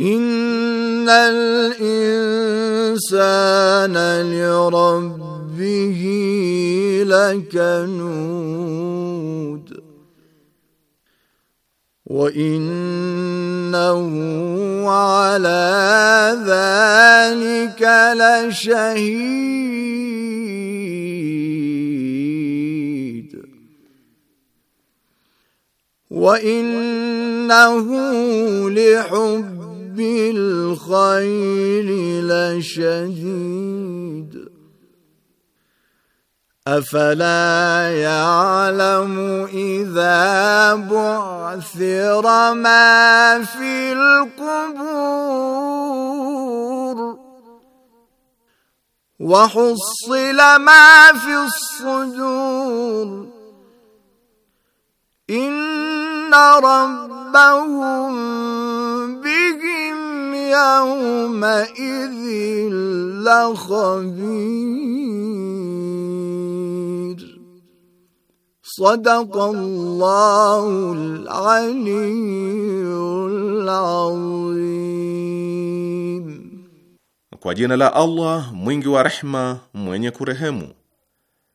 ان الانسان لربه لكنود وانه على ذلك لشهيد وانه لحب بالخير لشديد أفلا يعلم إذا بعثر ما في القبور وحصل ما في الصدور inna rabbahum bihim yawma idhin lakhabir صدق الله العلي العظيم Kwa jina la Allah mwingi wa rehma mwenye kurehemu.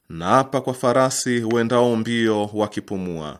Naapa kwa farasi wendao mbio wakipumua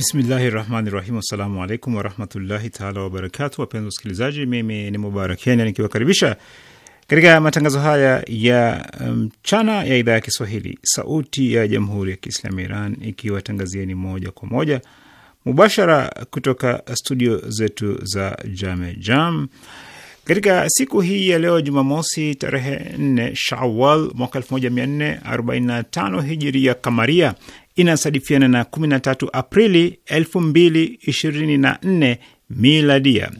Bismillahi rahmani rahim. Assalamu alaikum warahmatullahi taala wabarakatu. Wapenzi wasikilizaji, mimi ni Kenya nikiwakaribisha katika matangazo haya ya mchana um, ya idhaa ya Kiswahili sauti ya jamhuri ya Kiislamu Iran ikiwatangazieni moja kwa moja mubashara kutoka studio zetu za Jame Jam katika siku hii ya leo Jumamosi tarehe 4 Shawal mwaka 1445 hijiria kamaria, inasadifiana na 13 Aprili 2024 miladia.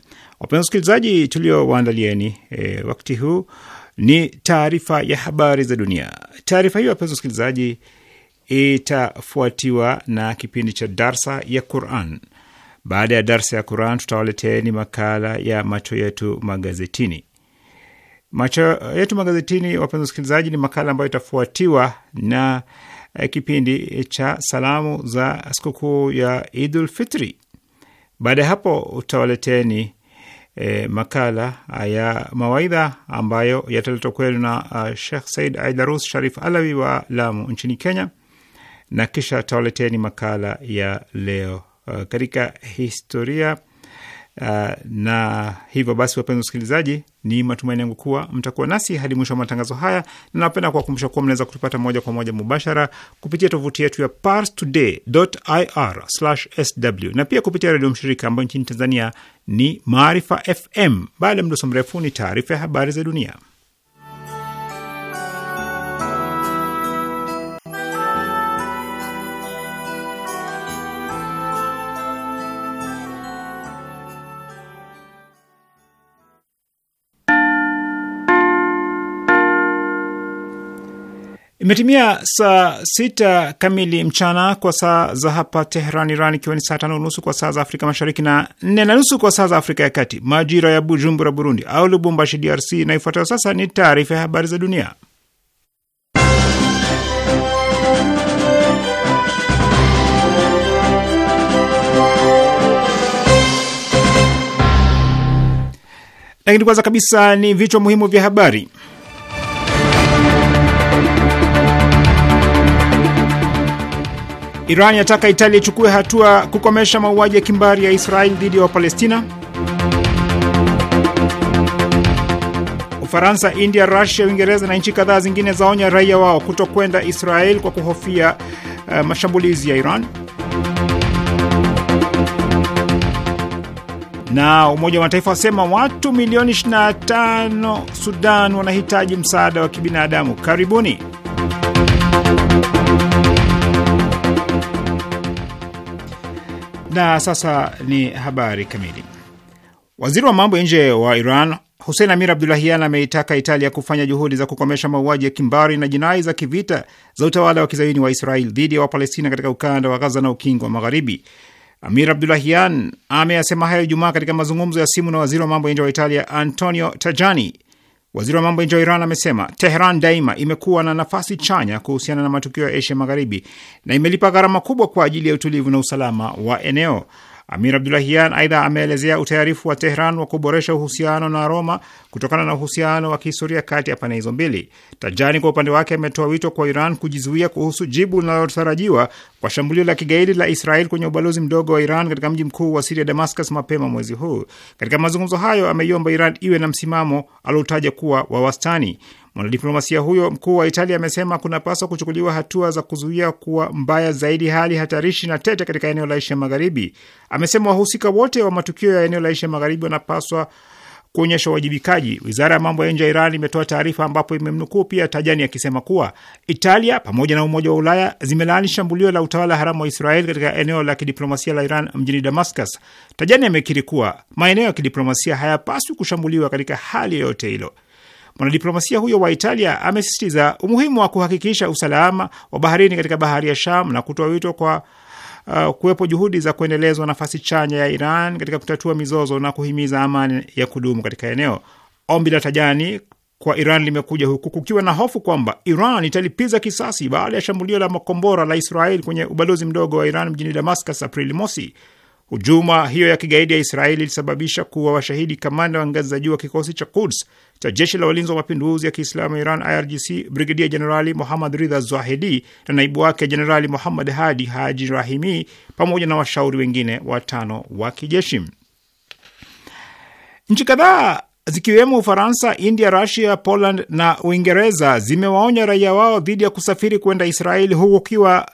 Wapenzi wasikilizaji, tuliowaandalieni e, wakati huu ni taarifa ya habari za dunia. Taarifa hiyo wapenzi wasikilizaji, itafuatiwa na kipindi cha darsa ya Quran. Baada ya darsa ya Quran, tutawaleteeni makala ya macho yetu magazetini. Macho yetu magazetini, wapenzi wasikilizaji, ni makala ambayo itafuatiwa na Eh, kipindi eh, cha salamu za sikukuu ya Idul Fitri. Baada ya hapo utawaleteni e, makala ah, ya mawaidha ambayo yataletwa kwenu na uh, ah, Shekh Said Aidarus Sharif Alawi wa Lamu nchini Kenya, na kisha tawaleteni makala ya leo uh, katika historia Uh, na hivyo basi, wapenzi wasikilizaji, ni matumaini yangu kuwa mtakuwa nasi hadi mwisho wa matangazo haya, na napenda kuwakumbusha kuwa mnaweza kutupata moja kwa moja mubashara kupitia tovuti yetu ya parstoday.ir/sw na pia kupitia redio mshirika ambayo nchini Tanzania ni Maarifa FM. Baada ya mdoso mrefu, ni taarifa ya habari za dunia. Imetimia saa sita kamili mchana kwa saa za hapa teheran Iran, ikiwa ni saa tano nusu kwa saa za Afrika Mashariki na nne na nusu kwa saa za Afrika ya Kati, majira ya Bujumbura, Burundi, au Lubumbashi, DRC. Na ifuatayo sasa ni taarifa ya habari za dunia, lakini kwanza kabisa ni vichwa muhimu vya habari. Iran yataka Italia ichukue hatua kukomesha mauaji ya kimbari ya Israel dhidi ya Wapalestina. Ufaransa, India, Rusia, Uingereza na nchi kadhaa zingine zaonya raia wao kutokwenda Israel kwa kuhofia uh, mashambulizi ya Iran. Na Umoja wa Mataifa wasema watu milioni 25 Sudan wanahitaji msaada wa kibinadamu. Karibuni. Na sasa ni habari kamili. Waziri wa mambo ya nje wa Iran Hussein Amir Abdulahian ameitaka Italia kufanya juhudi za kukomesha mauaji ya kimbari na jinai za kivita za utawala wa kizayuni wa Israel dhidi ya Wapalestina katika ukanda wa Gaza na ukingo wa Magharibi. Amir Abdulahian ameyasema hayo Ijumaa katika mazungumzo ya simu na waziri wa mambo ya nje wa Italia Antonio Tajani Waziri wa mambo ya nje wa Iran amesema Teheran daima imekuwa na nafasi chanya kuhusiana na matukio ya Asia Magharibi na imelipa gharama kubwa kwa ajili ya utulivu na usalama wa eneo. Amir Abdulahian aidha ameelezea utayarifu wa Tehran wa kuboresha uhusiano na Roma kutokana na uhusiano wa kihistoria kati ya pande hizo mbili. Tajani kwa upande wake ametoa wito kwa Iran kujizuia kuhusu jibu linalotarajiwa kwa shambulio la kigaidi la Israel kwenye ubalozi mdogo wa Iran katika mji mkuu wa Siria, Damascus, mapema mwezi huu. Katika mazungumzo hayo ameiomba Iran iwe na msimamo aliotaja kuwa wa wastani. Mwanadiplomasia huyo mkuu wa Italia amesema kunapaswa kuchukuliwa hatua za kuzuia kuwa mbaya zaidi hali hatarishi na tete katika eneo la Asia Magharibi. Amesema wahusika wote wa matukio ya eneo la Asia Magharibi wanapaswa kuonyesha uwajibikaji. Wizara ya mambo ya nje ya Iran imetoa taarifa ambapo imemnukuu pia Tajani akisema kuwa Italia pamoja na Umoja wa Ulaya zimelaani shambulio la utawala haramu wa israel katika eneo la kidiplomasia la Iran mjini Damascus. Tajani amekiri kuwa maeneo ya kidiplomasia hayapaswi kushambuliwa katika hali yoyote hilo. Mwanadiplomasia huyo wa Italia amesisitiza umuhimu wa kuhakikisha usalama wa baharini katika bahari ya Sham na kutoa wito kwa uh, kuwepo juhudi za kuendelezwa nafasi chanya ya Iran katika kutatua mizozo na kuhimiza amani ya kudumu katika eneo. Ombi la Tajani kwa Iran limekuja huku kukiwa na hofu kwamba Iran italipiza kisasi baada ya shambulio la makombora la Israel kwenye ubalozi mdogo wa Iran mjini Damascus Aprili mosi. Hujuma hiyo ya kigaidi ya Israeli ilisababisha kuwa washahidi kamanda wa ngazi za juu wa kikosi cha Quds cha jeshi la walinzi wa mapinduzi ya Kiislamu ya Iran, IRGC, Brigedia Jenerali Muhammad Ridha Zahidi na naibu wake Jenerali Muhammad Hadi Haji Rahimi pamoja na washauri wengine watano wa kijeshi. Nchi kadhaa zikiwemo Ufaransa, India, Rusia, Poland na Uingereza zimewaonya raia wao dhidi ya kusafiri kwenda Israeli huku ukiwa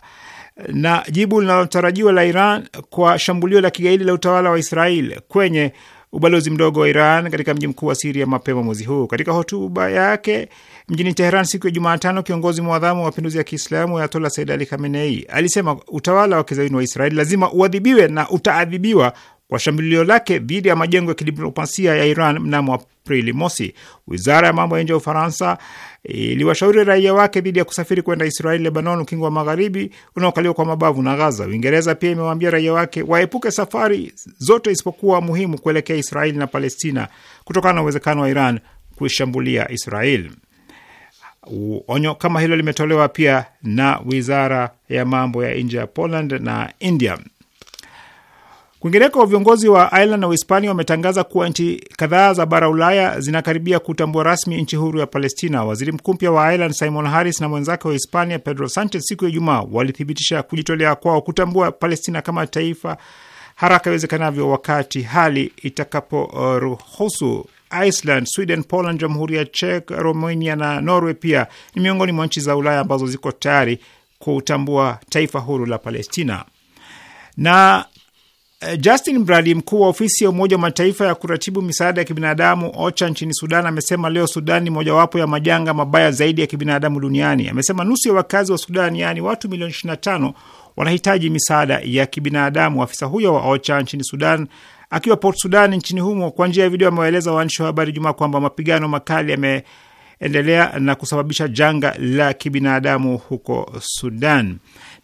na jibu linalotarajiwa la Iran kwa shambulio la kigaidi la utawala wa Israel kwenye ubalozi mdogo wa Iran katika mji mkuu wa Siria mapema mwezi huu. Katika hotuba yake mjini Teheran siku ya Jumatano, kiongozi mwadhamu wa mapinduzi ya Kiislamu Ayatola Said Ali Khamenei alisema utawala wa kizayuni wa Israeli lazima uadhibiwe na utaadhibiwa kwa shambulio lake dhidi ya majengo ya kidiplomasia ya Iran mnamo Aprili mosi. Wizara ya mambo ya nje ya Ufaransa eh, iliwashauri raia wake dhidi ya kusafiri kwenda Israeli, Lebanon, ukingo wa magharibi unaokaliwa kwa mabavu na Gaza. Uingereza pia imewaambia raia wake waepuke safari zote isipokuwa muhimu kuelekea Israeli na Palestina kutokana na uwezekano wa Iran kuishambulia Israeli. Onyo kama hilo limetolewa pia na wizara ya mambo ya nje ya Poland na India. Kwingineko, viongozi wa Ireland na Uhispania wametangaza kuwa nchi kadhaa za bara Ulaya zinakaribia kutambua rasmi nchi huru ya Palestina. Waziri mkuu mpya wa Ireland Simon Harris na mwenzake wa Hispania Pedro Sanchez siku ya Ijumaa walithibitisha kujitolea kwao kutambua Palestina kama taifa haraka iwezekanavyo, wakati hali itakaporuhusu. Iceland, Sweden, Poland, Jamhuri ya Czech, Romania na Norway pia ni miongoni mwa nchi za Ulaya ambazo ziko tayari kutambua taifa huru la Palestina na Eh, Justin Bradi, mkuu wa ofisi ya Umoja wa Mataifa ya kuratibu misaada ya kibinadamu OCHA nchini Sudan, amesema leo Sudan ni mojawapo ya majanga mabaya zaidi ya kibinadamu duniani. Amesema nusu ya wakazi wa Sudan, yaani watu milioni 25 wanahitaji misaada ya kibinadamu. Afisa huyo wa OCHA nchini Sudan akiwa Port Sudan nchini humo kwa njia ya video amewaeleza waandishi wa habari Jumaa kwamba mapigano makali yameendelea na kusababisha janga la kibinadamu huko Sudan.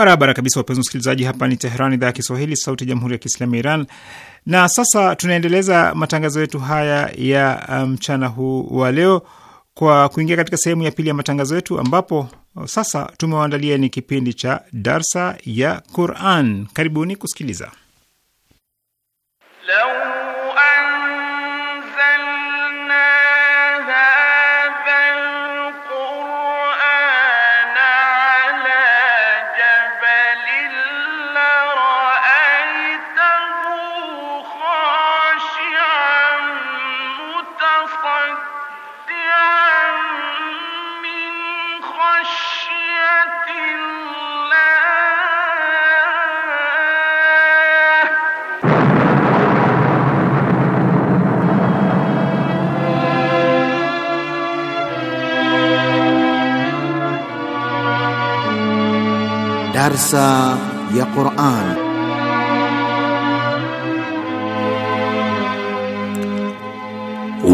Barabara kabisa, wapenzi msikilizaji hapa ni Teheran, idhaa ya Kiswahili, sauti ya jamhuri ya kiislamu ya Iran. Na sasa tunaendeleza matangazo yetu haya ya uh, mchana um, huu wa leo kwa kuingia katika sehemu ya pili ya matangazo yetu, ambapo uh, sasa tumewaandalia ni kipindi cha darsa ya Quran. Karibuni kusikiliza leo. درس يا قرآن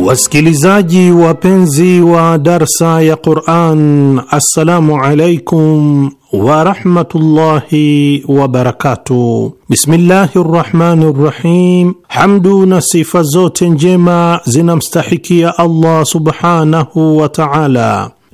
Wasikilizaji wapenzi wa darsa ya Qur'an, assalamu alaikum wa rahmatullahi wa barakatuh. Bismillahi rrahmani rrahim. Hamdu na sifa zote njema zinamstahikia Allah subhanahu wa ta'ala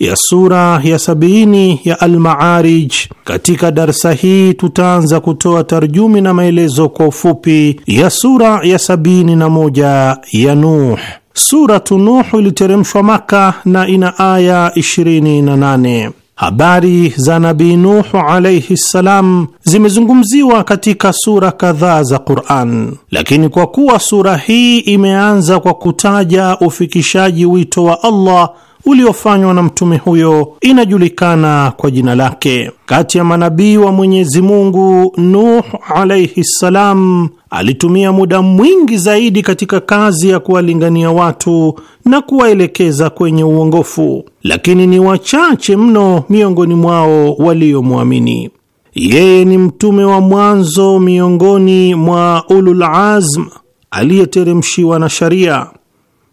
ya sura ya sabini ya Al-Maarij. Katika darsa hii tutaanza kutoa tarjumi na maelezo kwa ufupi ya sura ya sabini na moja ya Nuh. Suratu Nuh iliteremshwa Maka na ina aya 28. Habari za Nabii Nuhu alayhi ssalam zimezungumziwa katika sura kadhaa za Quran, lakini kwa kuwa sura hii imeanza kwa kutaja ufikishaji wito wa Allah uliofanywa na mtume huyo inajulikana kwa jina lake. Kati ya manabii wa Mwenyezi Mungu, Nuh alaihi ssalam alitumia muda mwingi zaidi katika kazi ya kuwalingania watu na kuwaelekeza kwenye uongofu, lakini ni wachache mno miongoni mwao waliomwamini. Yeye ni mtume wa mwanzo miongoni mwa ulul azm aliyeteremshiwa na sharia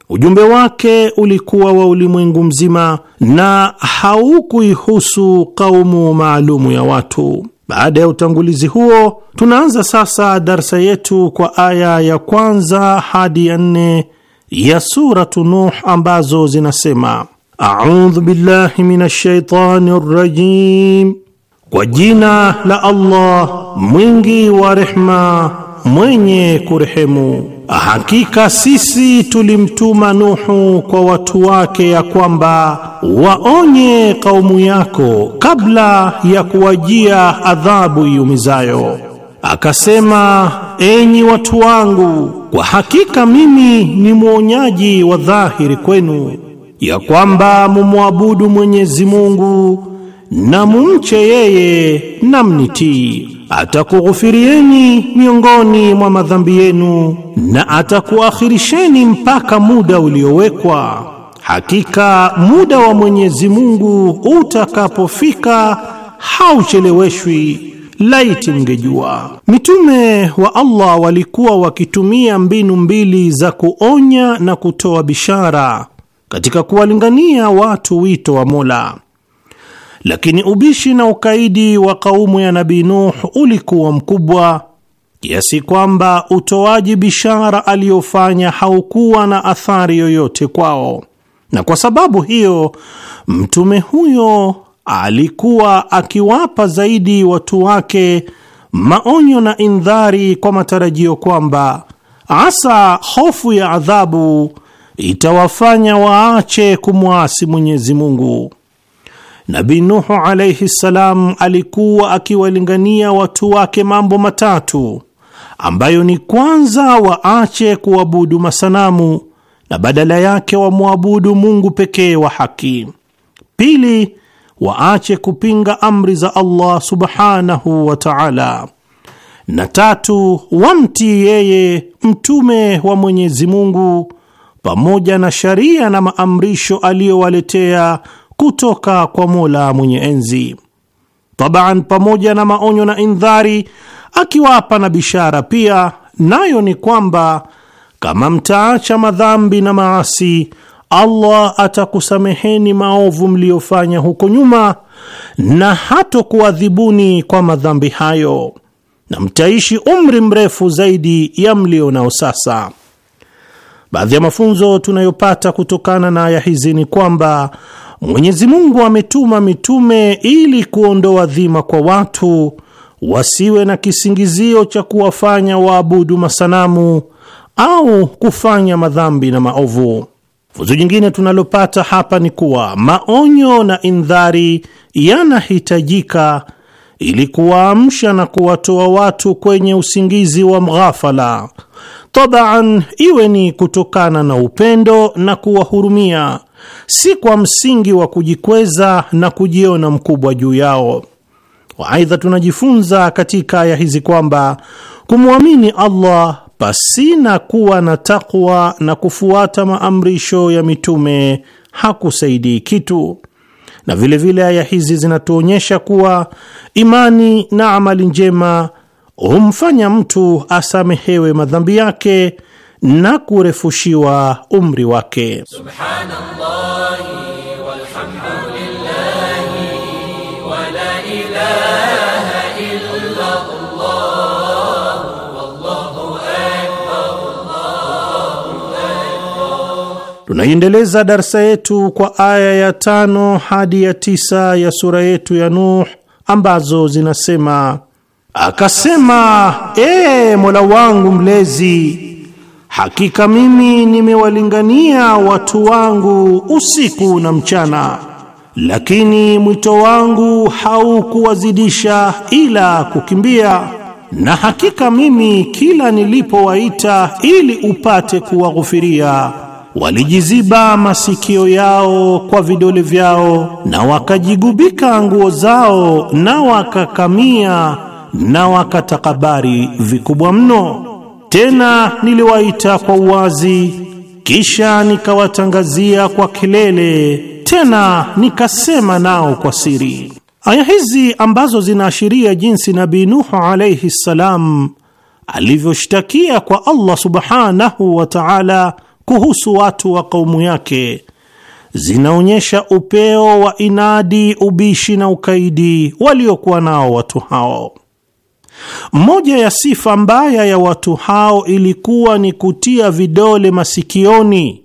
Ujumbe wake ulikuwa wa ulimwengu mzima na haukuihusu kaumu maalumu ya watu. Baada ya utangulizi huo, tunaanza sasa darsa yetu kwa aya ya kwanza hadi ya nne ya Suratu Nuh ambazo zinasema: audhu billahi minash rajim, kwa jina la Allah mwingi wa rehma mwenye kurehemu. Hakika sisi tulimtuma Nuhu kwa watu wake ya kwamba waonye kaumu yako kabla ya kuwajia adhabu iumizayo. Akasema, enyi watu wangu, kwa hakika mimi ni mwonyaji wa dhahiri kwenu, ya kwamba mumwabudu Mwenyezi Mungu na mumche yeye na mnitii, atakughufirieni miongoni mwa madhambi yenu na atakuakhirisheni mpaka muda uliowekwa. Hakika muda wa Mwenyezi Mungu utakapofika haucheleweshwi. Laiti mngejua. Mitume wa Allah walikuwa wakitumia mbinu mbili za kuonya na kutoa bishara katika kuwalingania watu wito wa Mola. Lakini ubishi na ukaidi wa kaumu ya Nabii Nuh ulikuwa mkubwa kiasi kwamba utoaji bishara aliyofanya haukuwa na athari yoyote kwao, na kwa sababu hiyo mtume huyo alikuwa akiwapa zaidi watu wake maonyo na indhari kwa matarajio kwamba asa hofu ya adhabu itawafanya waache kumwasi Mwenyezi Mungu nabi Nuhu alaihi ssalam alikuwa akiwalingania watu wake mambo matatu ambayo ni kwanza, waache kuabudu masanamu na badala yake wamwabudu Mungu pekee wa haki; pili, waache kupinga amri za Allah subhanahu wa ta'ala; na tatu, wamtii yeye mtume wa Mwenyezi Mungu pamoja na sharia na maamrisho aliyowaletea kutoka kwa Mola mwenye enzi. Tabaan, pamoja na maonyo na indhari, akiwapa na bishara pia, nayo ni kwamba kama mtaacha madhambi na maasi, Allah atakusameheni maovu mliyofanya huko nyuma na hatokuadhibuni kwa madhambi hayo, na mtaishi umri mrefu zaidi ya mlio nao sasa. Baadhi ya mafunzo tunayopata kutokana na aya hizi ni kwamba Mwenyezi Mungu ametuma mitume ili kuondoa dhima kwa watu wasiwe na kisingizio cha kuwafanya waabudu masanamu au kufanya madhambi na maovu. Funzo jingine tunalopata hapa ni kuwa maonyo na indhari yanahitajika ili kuwaamsha na kuwatoa watu kwenye usingizi wa mghafala, tabaan, iwe ni kutokana na upendo na kuwahurumia si kwa msingi wa kujikweza na kujiona mkubwa juu yao. Waaidha, tunajifunza katika aya hizi kwamba kumwamini Allah pasina kuwa na takwa na kufuata maamrisho ya mitume hakusaidii kitu. Na vilevile aya hizi zinatuonyesha kuwa imani na amali njema humfanya mtu asamehewe madhambi yake na kurefushiwa umri wake. Subhanallah. Tunaiendeleza darsa yetu kwa aya ya tano hadi ya tisa ya sura yetu ya Nuh ambazo zinasema: Akasema, ee Mola wangu mlezi Hakika mimi nimewalingania watu wangu usiku na mchana, lakini mwito wangu haukuwazidisha ila kukimbia. Na hakika mimi kila nilipowaita ili upate kuwaghufiria, walijiziba masikio yao kwa vidole vyao, na wakajigubika nguo zao, na wakakamia na wakatakabari vikubwa mno. Tena niliwaita kwa uwazi, kisha nikawatangazia kwa kelele, tena nikasema nao kwa siri. Aya hizi ambazo zinaashiria jinsi Nabii Nuhu alayhi ssalam alivyoshtakia kwa Allah subhanahu wa ta'ala kuhusu watu wa kaumu yake zinaonyesha upeo wa inadi, ubishi na ukaidi waliokuwa nao watu hao. Moja ya sifa mbaya ya watu hao ilikuwa ni kutia vidole masikioni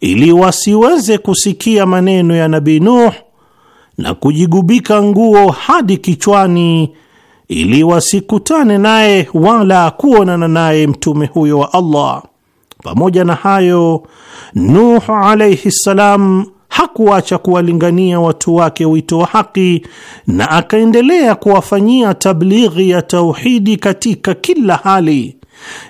ili wasiweze kusikia maneno ya Nabii Nuh na kujigubika nguo hadi kichwani ili wasikutane naye wala kuonana naye mtume huyo wa Allah. Pamoja na hayo, Nuh alayhi salam hakuacha kuwalingania watu wake wito wa haki na akaendelea kuwafanyia tablighi ya tauhidi katika kila hali,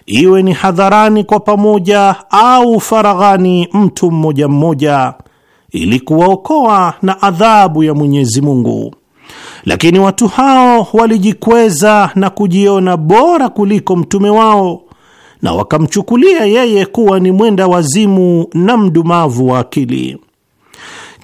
iwe ni hadharani kwa pamoja au faraghani, mtu mmoja mmoja, ili kuwaokoa na adhabu ya Mwenyezi Mungu. Lakini watu hao walijikweza na kujiona bora kuliko mtume wao na wakamchukulia yeye kuwa ni mwenda wazimu na mdumavu wa akili.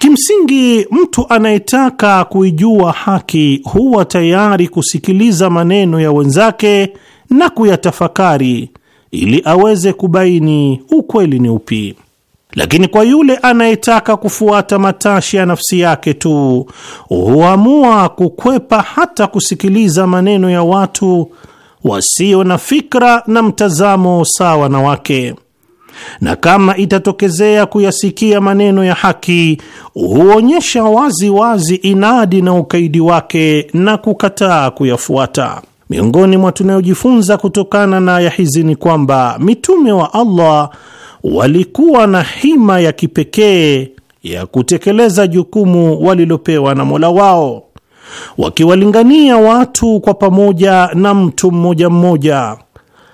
Kimsingi, mtu anayetaka kuijua haki huwa tayari kusikiliza maneno ya wenzake na kuyatafakari ili aweze kubaini ukweli ni upi. Lakini kwa yule anayetaka kufuata matashi ya nafsi yake tu, huamua kukwepa hata kusikiliza maneno ya watu wasio na fikra na mtazamo sawa na wake na kama itatokezea kuyasikia maneno ya haki huonyesha wazi wazi inadi na ukaidi wake na kukataa kuyafuata. Miongoni mwa tunayojifunza kutokana na aya hizi ni kwamba mitume wa Allah walikuwa na hima ya kipekee ya kutekeleza jukumu walilopewa na Mola wao, wakiwalingania watu kwa pamoja na mtu mmoja mmoja,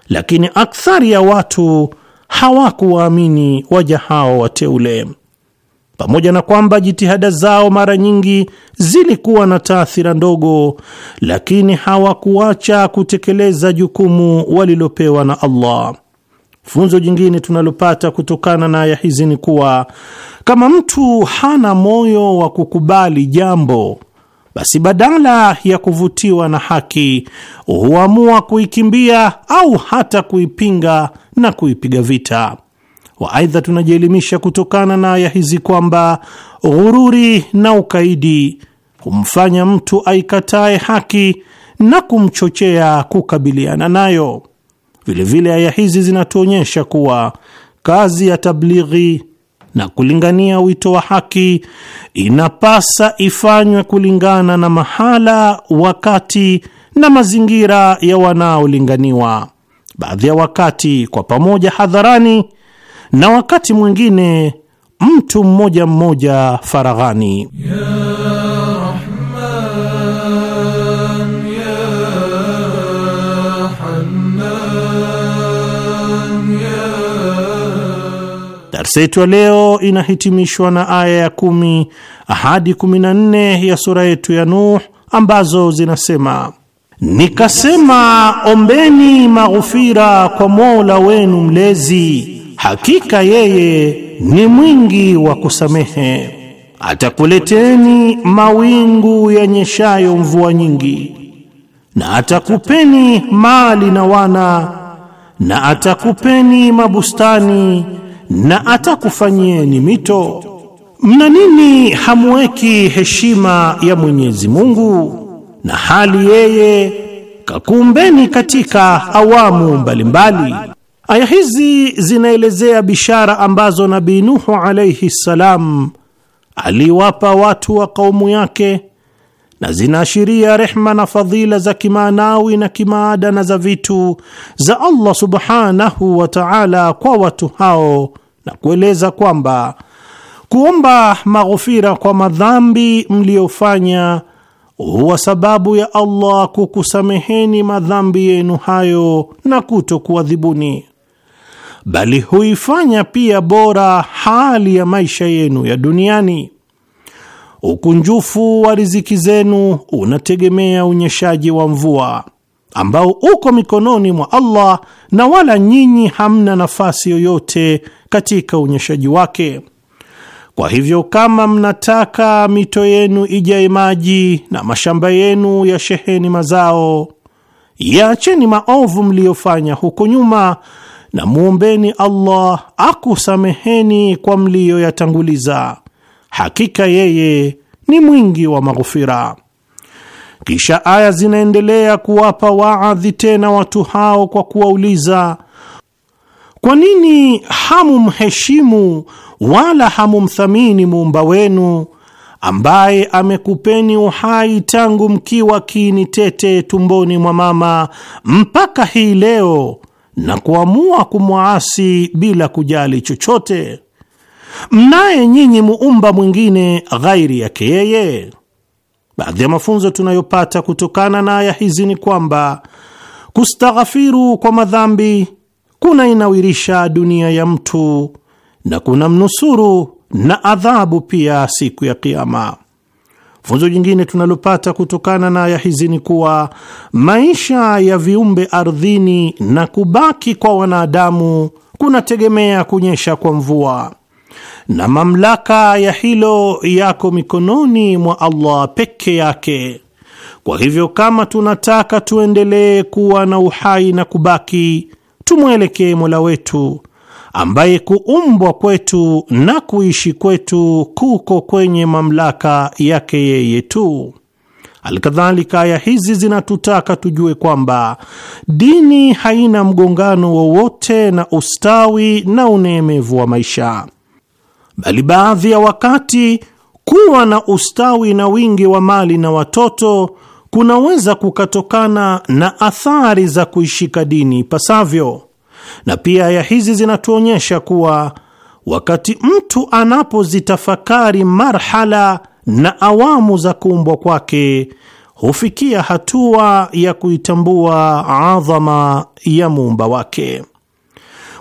lakini akthari ya watu hawakuwaamini waja hao wateule, pamoja na kwamba jitihada zao mara nyingi zilikuwa na taathira ndogo, lakini hawakuacha kutekeleza jukumu walilopewa na Allah. Funzo jingine tunalopata kutokana na aya hizi ni kuwa kama mtu hana moyo wa kukubali jambo basi badala ya kuvutiwa na haki huamua kuikimbia au hata kuipinga na kuipiga vita. Waaidha, tunajielimisha kutokana na aya hizi kwamba ghururi na ukaidi humfanya mtu aikatae haki na kumchochea kukabiliana nayo. Vilevile aya hizi zinatuonyesha kuwa kazi ya tablighi na kulingania wito wa haki inapasa ifanywe kulingana na mahala, wakati na mazingira ya wanaolinganiwa, baadhi ya wakati kwa pamoja hadharani, na wakati mwingine mtu mmoja mmoja faraghani, yeah. Darsa yetu ya leo inahitimishwa na aya ya kumi hadi kumi na nne ya sura yetu ya Nuh ambazo zinasema: Nikasema, ombeni maghufira kwa Mola wenu mlezi, hakika yeye ni mwingi wa kusamehe. Atakuleteni mawingu yanyeshayo mvua nyingi, na atakupeni mali na wana, na atakupeni mabustani na atakufanyieni mito. Mna nini hamweki heshima ya Mwenyezi Mungu, na hali yeye kakuumbeni katika awamu mbalimbali Aya hizi zinaelezea bishara ambazo Nabii Nuhu alayhi salam aliwapa watu wa kaumu yake na zinaashiria rehma na fadhila za kimaanawi na kimaada na za vitu za Allah subhanahu wa ta'ala kwa watu hao, na kueleza kwamba kuomba maghfira kwa madhambi mliyofanya huwa sababu ya Allah kukusameheni madhambi yenu hayo na kutokuadhibuni, bali huifanya pia bora hali ya maisha yenu ya duniani ukunjufu wa riziki zenu unategemea unyeshaji wa mvua ambao uko mikononi mwa Allah na wala nyinyi hamna nafasi yoyote katika unyeshaji wake. Kwa hivyo, kama mnataka mito yenu ijae maji na mashamba yenu ya sheheni mazao, yaacheni maovu mliyofanya huko nyuma na muombeni Allah akusameheni kwa mliyoyatanguliza hakika yeye ni mwingi wa maghufira. Kisha aya zinaendelea kuwapa waadhi tena watu hao kwa kuwauliza, kwa nini hamumheshimu wala hamumthamini muumba wenu ambaye amekupeni uhai tangu mkiwa kiini tete tumboni mwa mama mpaka hii leo na kuamua kumwaasi bila kujali chochote? mnaye nyinyi muumba mwingine ghairi yake yeye? Baadhi ya mafunzo tunayopata kutokana na aya hizi ni kwamba kustaghafiru kwa madhambi kunainawirisha dunia ya mtu na kuna mnusuru na adhabu pia siku ya Kiama. Funzo jingine tunalopata kutokana na aya hizi ni kuwa maisha ya viumbe ardhini na kubaki kwa wanadamu kunategemea kunyesha kwa mvua na mamlaka ya hilo yako mikononi mwa Allah peke yake. Kwa hivyo, kama tunataka tuendelee kuwa na uhai na kubaki, tumwelekee Mola wetu ambaye kuumbwa kwetu na kuishi kwetu kuko kwenye mamlaka yake yeye tu. Alkadhalika, aya hizi zinatutaka tujue kwamba dini haina mgongano wowote na ustawi na unemevu wa maisha bali baadhi ya wakati kuwa na ustawi na wingi wa mali na watoto kunaweza kukatokana na athari za kuishika dini ipasavyo. Na pia aya hizi zinatuonyesha kuwa wakati mtu anapozitafakari marhala na awamu za kuumbwa kwake hufikia hatua ya kuitambua adhama ya muumba wake.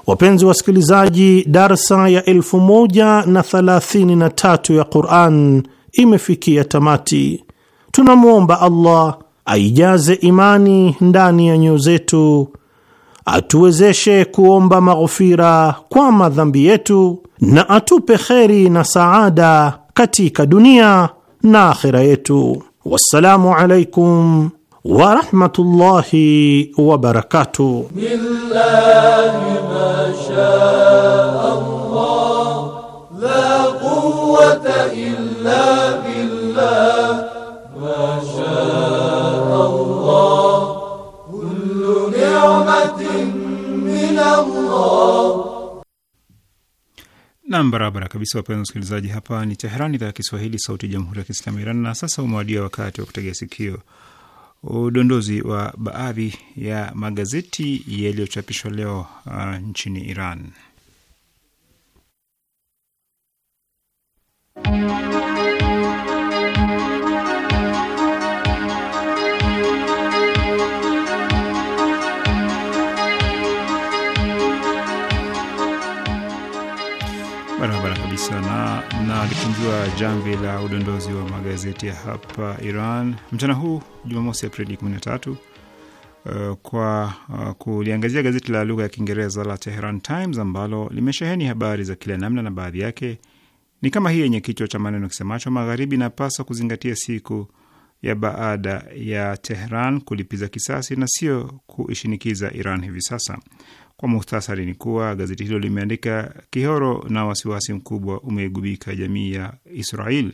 Wapenzi wasikilizaji, darsa ya elfu moja na thalathini na tatu ya Quran imefikia tamati. Tunamwomba Allah aijaze imani ndani ya nyoyo zetu, atuwezeshe kuomba maghfira kwa madhambi yetu, na atupe kheri na saada katika dunia na akhira yetu. Wassalamu alaikum wa rahmatullahi wa barakatuh. Nam, barabara kabisa, wapenzi wasikilizaji. Hapa ni Teherani, idhaa ya Kiswahili, sauti ya jamhuri ya kiislamu ya Iran. Na sasa umewadia wakati wa kutegea sikio udondozi wa baadhi ya magazeti yaliyochapishwa leo uh, nchini Iran. barabara kabisa na nalikunjua jamvi la udondozi wa magazeti ya hapa Iran mchana huu Jumamosi Aprili 13 uh, kwa uh, kuliangazia gazeti la lugha ya Kiingereza la Teheran Times ambalo limesheheni habari za kila namna na baadhi yake ni kama hii yenye kichwa cha maneno kisemacho magharibi inapaswa kuzingatia siku ya baada ya Tehran kulipiza kisasi na sio kuishinikiza Iran hivi sasa. Kwa muhtasari, ni kuwa gazeti hilo limeandika kihoro na wasiwasi mkubwa umeigubika jamii ya Israel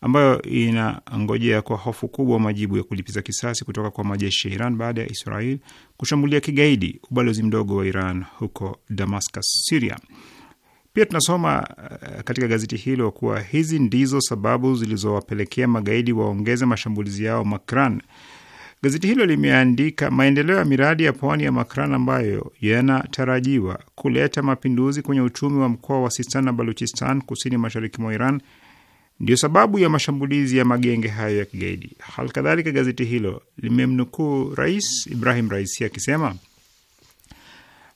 ambayo inangojea kwa hofu kubwa majibu ya kulipiza kisasi kutoka kwa majeshi ya Iran baada ya Israel kushambulia kigaidi ubalozi mdogo wa Iran huko Damascus, siria Pia tunasoma eh, katika gazeti hilo kuwa hizi ndizo sababu zilizowapelekea magaidi waongeze mashambulizi yao Makran Gazeti hilo limeandika maendeleo ya miradi ya pwani ya Makran ambayo yanatarajiwa kuleta mapinduzi kwenye uchumi wa mkoa wa Sistan na Baluchistan kusini mashariki mwa Iran ndio sababu ya mashambulizi ya magenge hayo ya kigaidi. kadhalika gazeti hilo limemnukuu Rais Ibrahim Raisi akisema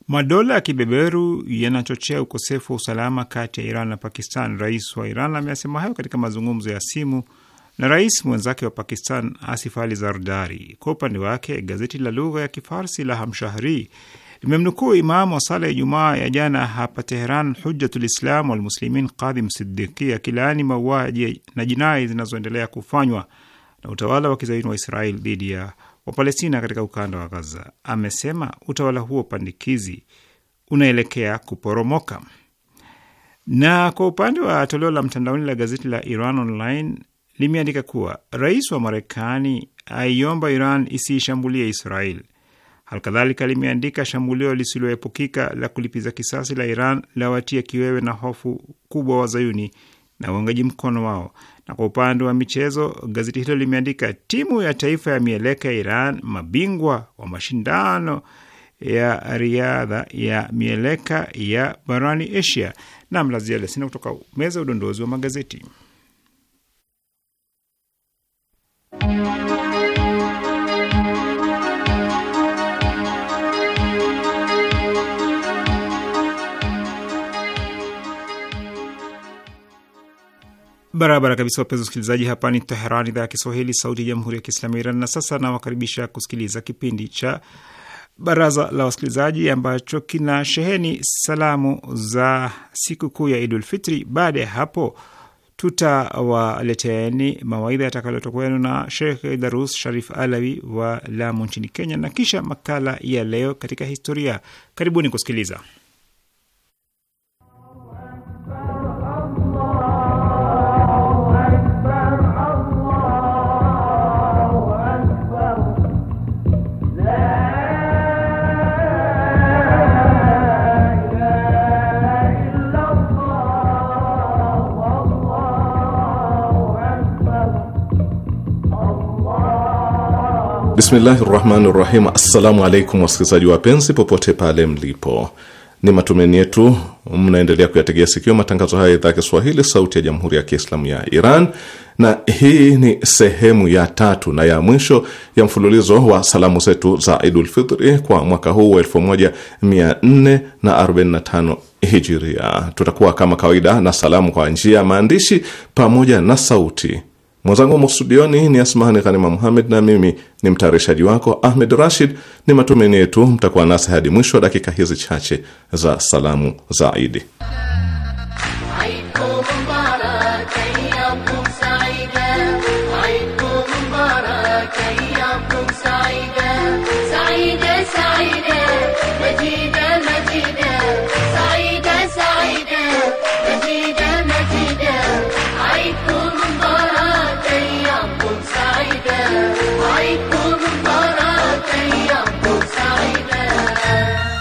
madola ya kibeberu yanachochea ukosefu wa usalama kati ya Iran na Pakistan. Rais wa Iran amesema hayo katika mazungumzo ya simu na rais mwenzake wa Pakistan Asif Ali Zardari. Kwa upande wake, gazeti la lugha ya Kifarsi la Hamshahri limemnukuu imamu wa sala ya jumaa ya jana hapa Teheran, Hujjatul lislam Walmuslimin Kadhim Sidiki akilaani mauaji na jinai zinazoendelea kufanywa na utawala wa kizaini wa Israel dhidi ya Wapalestina katika ukanda wa Gaza. Amesema utawala huo pandikizi unaelekea kuporomoka. Na kwa upande wa toleo la mtandaoni la gazeti la Iran Online limeandika kuwa rais wa Marekani aiomba Iran isiishambulie Israel. Halkadhalika limeandika shambulio lisiloepukika la kulipiza kisasi la Iran lawatia kiwewe na hofu kubwa wazayuni na uangaji mkono wao. Na kwa upande wa michezo, gazeti hilo limeandika timu ya taifa ya mieleka ya Iran, mabingwa wa mashindano ya riadha ya mieleka ya barani Asia. na mlaziada kutoka meza ya udondozi wa magazeti. Barabara kabisa, wapenzi wasikilizaji, hapa ni Teheran, idhaa ya Kiswahili, sauti ya jamhuri ya kiislamu ya Iran. Na sasa nawakaribisha kusikiliza kipindi cha baraza la wasikilizaji ambacho kina sheheni salamu za sikukuu ya Idul Fitri. Baada ya hapo, tutawaleteeni mawaidha yatakaletwa kwenu na shekh Darus Sharif Alawi wa Lamu nchini Kenya, na kisha makala ya leo katika historia. Karibuni kusikiliza. Bismillahi rahmani rahim. Assalamu alaikum wasikilizaji wapenzi, popote pale mlipo, ni matumaini yetu mnaendelea kuyategea sikio matangazo haya ya idhaa ya Kiswahili, sauti ya jamhuri ya kiislamu ya Iran, na hii ni sehemu ya tatu na ya mwisho ya mfululizo wa salamu zetu za Idulfitri kwa mwaka huu wa 1445 Hijiria. Tutakuwa kama kawaida na salamu kwa njia ya maandishi pamoja na sauti Mwenzangu humu studioni ni Asmahani Ghanima Muhamed na mimi ni mtayarishaji wako Ahmed Rashid. Ni matumaini yetu mtakuwa nasi hadi mwisho wa dakika hizi chache za salamu za Idi.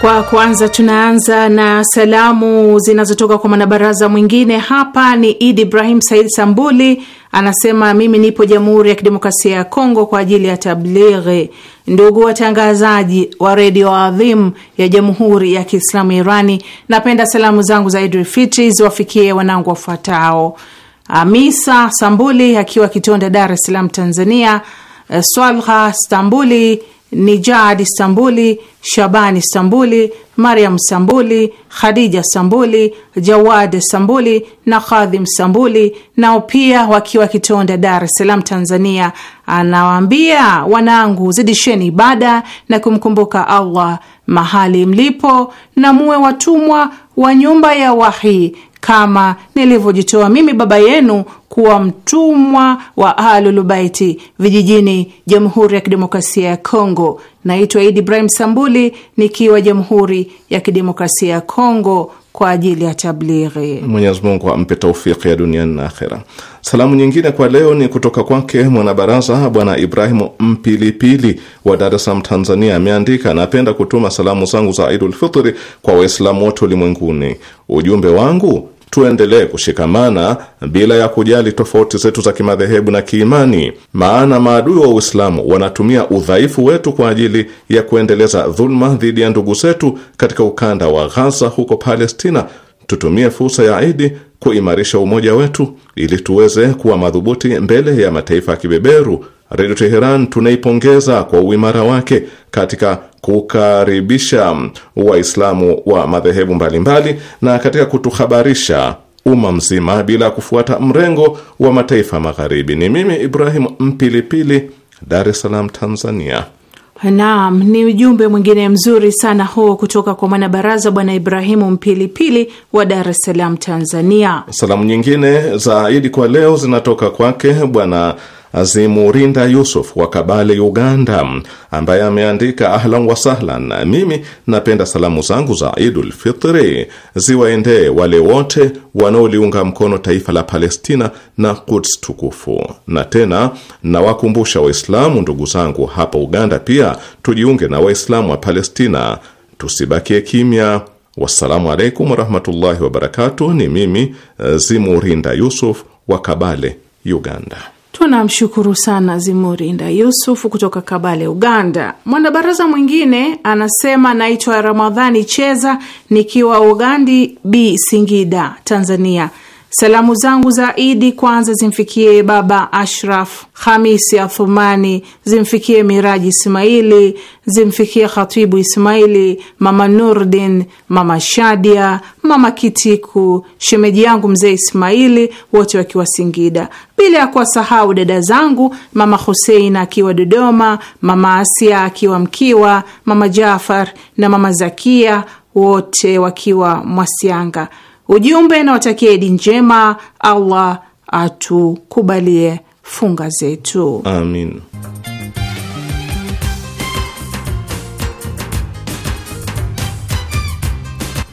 Kwa kwanza tunaanza na salamu zinazotoka kwa mwanabaraza mwingine hapa. Ni Idi Ibrahim Said Sambuli anasema, mimi nipo Jamhuri ya Kidemokrasia ya Kongo kwa ajili ya tablighi. Ndugu watangazaji wa redio adhimu ya Jamhuri ya Kiislamu Irani, napenda salamu zangu za Idul Fitri ziwafikie wanangu wafuatao: Amisa Sambuli akiwa Kitonda, Dar es Salaam, Tanzania; Swalha Stambuli Nijad Stambuli, Shabani Stambuli, Mariam sambuli Khadija sambuli Jawad sambuli na kadhim sambuli nao pia wakiwa Kitonda, Dar es Salaam, Tanzania. Anawaambia wanangu, zidisheni ibada na kumkumbuka Allah mahali mlipo, na muwe watumwa wa nyumba ya wahi kama nilivyojitoa mimi baba yenu kuwa mtumwa wa alulubaiti vijijini, Jamhuri ya Kidemokrasia ya Kongo. Naitwa Idi Ibrahim Sambuli nikiwa Jamhuri ya Kidemokrasia ya Kongo kwa ajili ya tablighi. Mwenyezi Mungu ampe taufiki ya duniani na akhera. Salamu nyingine kwa leo ni kutoka kwake mwanabaraza Bwana Ibrahimu Mpilipili wa Dar es Salaam, Tanzania. Ameandika, anapenda kutuma salamu zangu za Idulfitri kwa Waislamu wote ulimwenguni. Ujumbe wangu tuendelee kushikamana bila ya kujali tofauti zetu za kimadhehebu na kiimani, maana maadui wa Uislamu wanatumia udhaifu wetu kwa ajili ya kuendeleza dhuluma dhidi ya ndugu zetu katika ukanda wa Ghaza huko Palestina. Tutumie fursa ya Idi kuimarisha umoja wetu ili tuweze kuwa madhubuti mbele ya mataifa ya kibeberu. Redio Teheran tunaipongeza kwa uimara wake katika kukaribisha Waislamu wa madhehebu mbalimbali na katika kutuhabarisha umma mzima bila kufuata mrengo wa mataifa magharibi. Ni mimi Ibrahim Mpilipili, Dar es Salaam, Tanzania. Naam, ni ujumbe mwingine mzuri sana huo kutoka kwa mwanabaraza Bwana Ibrahimu Mpilipili wa Dar es Salaam, Tanzania. Salamu nyingine za Idi kwa leo zinatoka kwake Bwana Zimurinda Yusuf wa Kabale, Uganda, ambaye ameandika ahlan wa sahlan, mimi napenda salamu zangu za Idul Fitri ziwaendee wale wote wanaoliunga mkono taifa la Palestina na Quds tukufu. Na tena nawakumbusha Waislamu ndugu zangu hapa Uganda pia tujiunge na Waislamu wa Palestina, tusibakie kimya. Wassalamu alaikum warahmatullahi wabarakatuh. Ni mimi Zimurinda Yusuf wa Kabale, Uganda. Tunamshukuru sana Zimurinda Yusufu kutoka Kabale, Uganda. Mwanabaraza mwingine anasema, naitwa Ramadhani Cheza nikiwa Ugandi B, Singida, Tanzania. Salamu zangu za Idi kwanza zimfikie baba Ashraf Hamisi Athumani, zimfikie Miraji Ismaili, zimfikie Khatibu Ismaili, mama Nurdin, mama Shadia, mama Kitiku, shemeji yangu mzee Ismaili, wote wakiwa Singida, bila ya kuwasahau dada zangu mama Husein akiwa Dodoma, mama Asia akiwa Mkiwa, mama Jafar na mama Zakia, wote wakiwa Mwasianga ujumbe na watakia Idi njema. Allah atukubalie funga zetu, amin.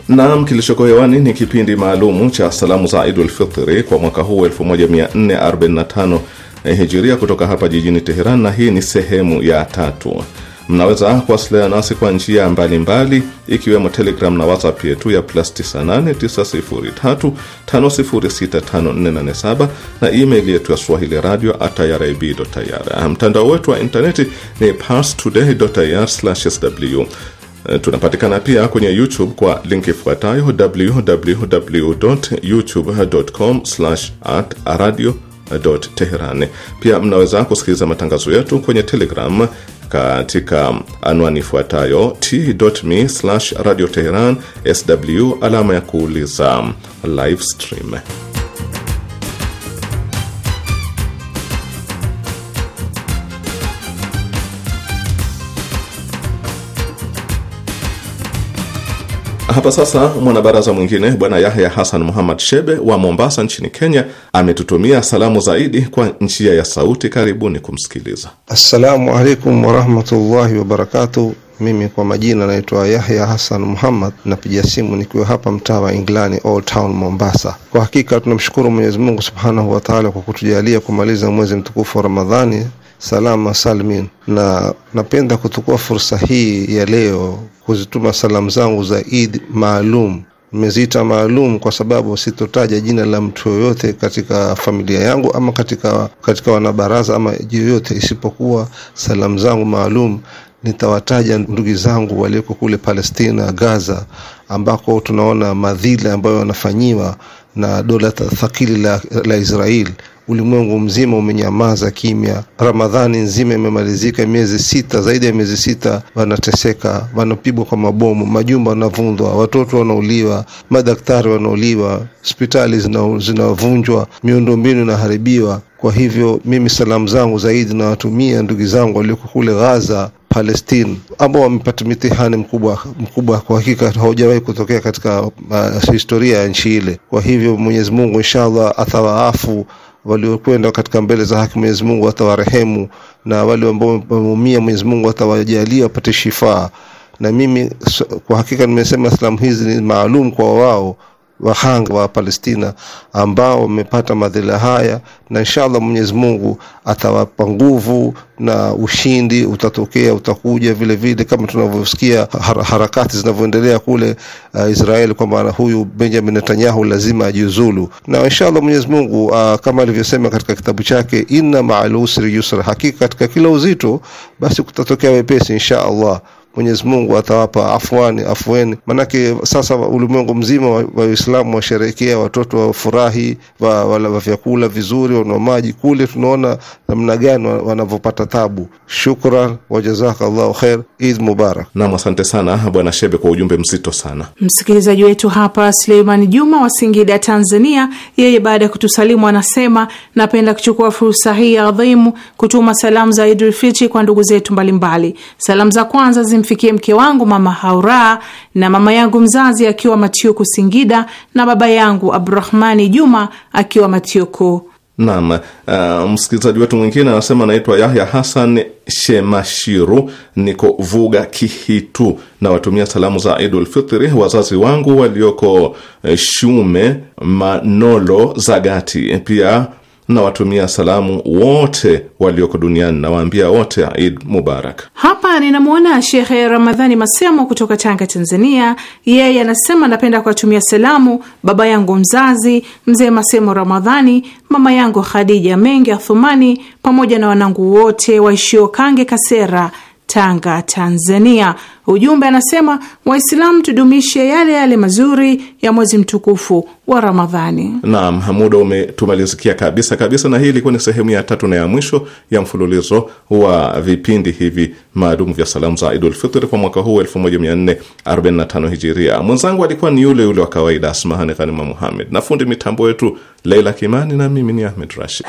Naam, kilichoko hewani ni kipindi maalumu cha salamu za Idul Fitri kwa mwaka huu 1445 eh, Hijiria kutoka hapa jijini Teheran, na hii ni sehemu ya tatu. Mnaweza kuwasiliana nasi kwa njia mbalimbali ikiwemo Telegram na WhatsApp yetu ya plus 989035065487 na email yetu ya swahili radio at Mtandao wetu wa intaneti ni parstoday sw. Tunapatikana pia kwenye YouTube kwa linki ifuatayo wwwyoutubecom youtube com Pia mnaweza kusikiliza matangazo yetu kwenye Telegram katika anwani ifuatayo t.me radio teheran sw alama ya kuuliza live stream. Hapa sasa, mwanabaraza mwingine Bwana Yahya Hassan Muhammad Shebe wa Mombasa nchini Kenya ametutumia salamu zaidi kwa njia ya sauti. Karibuni kumsikiliza. Assalamu alaikum warahmatullahi wabarakatu. Mimi kwa majina naitwa Yahya Hassan Muhammad, napiga simu nikiwa hapa mtaa wa England Old Town Mombasa. Kwa hakika tunamshukuru Mwenyezi Mungu subhanahu wataala kwa kutujalia kumaliza mwezi mtukufu wa Ramadhani salama salmin, na napenda kuchukua fursa hii ya leo kuzituma salamu zangu za Eid maalum Nimeziita maalum kwa sababu sitotaja jina la mtu yoyote katika familia yangu ama katika, katika wanabaraza ama yoyote, isipokuwa salamu zangu maalum nitawataja ndugu zangu walioko kule Palestina, Gaza, ambako tunaona madhila ambayo wanafanyiwa na dola thakili la, la Israeli ulimwengu mzima umenyamaza kimya. Ramadhani nzima imemalizika, miezi sita, zaidi ya miezi sita, wanateseka, wanapigwa kwa mabomu, majumba wanavundwa, watoto wanauliwa, madaktari wanauliwa, hospitali zinavunjwa, zina miundombinu inaharibiwa. Kwa hivyo mimi salamu zangu zaidi nawatumia ndugu zangu walioko kule Gaza Palestine ambao wamepata mitihani mkubwa mkubwa, kwa hakika haujawahi kutokea katika uh, historia ya nchi ile. Kwa hivyo Mwenyezi Mungu inshallah atawaafu waliokwenda katika mbele za haki Mwenyezi Mungu atawarehemu na wale ambao wameumia Mwenyezi Mungu atawajalia wapate shifaa na mimi kwa hakika nimesema salamu hizi ni maalum kwa wao wahanga wa Palestina ambao wamepata madhila haya, na inshallah Mwenyezi Mungu atawapa nguvu na ushindi utatokea, utakuja vile vile, kama tunavyosikia har harakati zinavyoendelea kule uh, Israeli kwamba huyu Benjamin Netanyahu lazima ajiuzulu, na inshallah Mwenyezi Mungu uh, kama alivyosema katika kitabu chake, inna ma'al usri yusra, hakika katika kila uzito basi kutatokea wepesi insha Allah. Mwenyezi Mungu atawapa afwani afueni. Manake sasa ulimwengu mzima Waislamu wa washerekea, watoto wafurahi, wa, wala wa vyakula vizuri, wanwa maji kule. Tunaona namna gani wanavyopata tabu. Shukran wa jazakallahu khair. Eid mubarak. Naam, asante sana Bwana Shebe kwa ujumbe mzito sana. Msikilizaji wetu hapa Suleiman Juma wa Singida, Tanzania, yeye baada ya kutusalimu anasema, napenda kuchukua fursa hii adhimu kutuma salamu za Idul Fitri kwa ndugu zetu mbalimbali. Salamu za kwanza zi zimfikie mke wangu mama Haura na mama yangu mzazi akiwa Matioko Singida na baba yangu Abdurahmani Juma akiwa Matioko. Naam. Uh, msikilizaji wetu mwingine anasema anaitwa Yahya Hassan Shemashiru, niko Vuga Kihitu, na watumia salamu za Idul Fitri wazazi wangu walioko eh, Shume Manolo Zagati, pia Nawatumia salamu wote walioko duniani, nawaambia wote Id Mubarak. Hapa ninamwona Shekhe Ramadhani Masemo kutoka Tanga, Tanzania. Yeye anasema napenda kuwatumia salamu baba yangu mzazi mzee Masemo Ramadhani, mama yangu Khadija Mengi Athumani, pamoja na wanangu wote waishio Kange Kasera Tanga, Tanzania. Ujumbe anasema Waislamu tudumishe yale yale mazuri ya mwezi mtukufu wa Ramadhani. Naam, muda umetumalizikia kabisa kabisa, na hii ilikuwa ni sehemu ya tatu na ya mwisho ya mfululizo wa vipindi hivi maalumu vya salamu za Idul Fitri kwa mwaka huu 1445 Hijiria. Mwenzangu alikuwa ni yule yule wa kawaida, Asmahani Ghanima Muhamed, na fundi mitambo wetu Leila Kimani, na mimi ni Ahmed Rashid.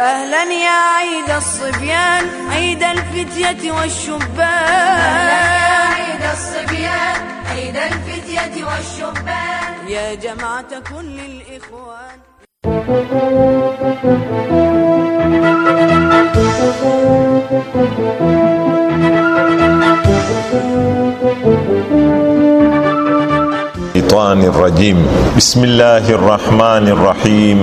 أهلا يا عيد الصبيان عيد الفتية والشبان أهلا يا عيد الصبيان عيد الفتية والشبان يا جماعة كل الإخوان الرجيم بسم الله الرحمن الرحيم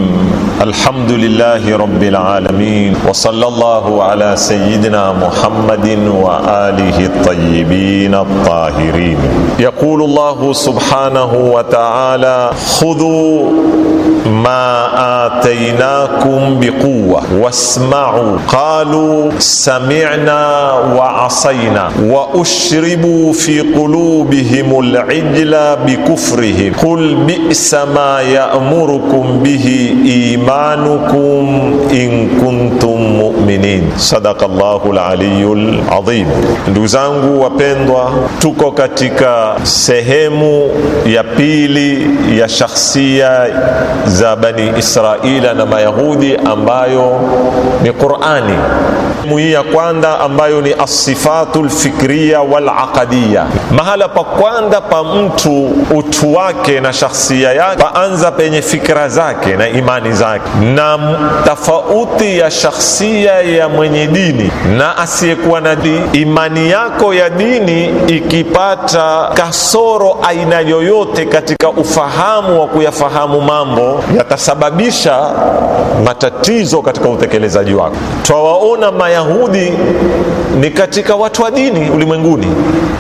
الحمد لله رب العالمين وصلى الله على سيدنا محمد وآله الطيبين الطاهرين يقول الله سبحانه وتعالى خذوا ma atainakum biquwa wasma'u qalu sami'na wa asaina wa ushribu fi qulubihim al-ijla bikufrihim qul bi'sa ma ya'murukum bihi imanukum in kuntum mu'minin. Sadaqallahu al-aliyyul Ndugu zangu wapendwa, tuko katika sehemu ya pili ya shakhsia za Bani Israila na Mayahudi, ambayo ni Qurani hii ya kwanza, ambayo ni asifatu lfikriya walaqadiya, mahala pa kwanza pa mtu utu wake na shakhsia yake, paanza penye fikra zake na imani zake, na tofauti ya shakhsia ya mwenye dini na asiyekuwa na dini. Imani yako ya dini ikipata kasoro aina yoyote katika ufahamu wa kuyafahamu mambo, yatasababisha matatizo katika utekelezaji wako. Twawaona Mayahudi ni katika watu wa dini ulimwenguni,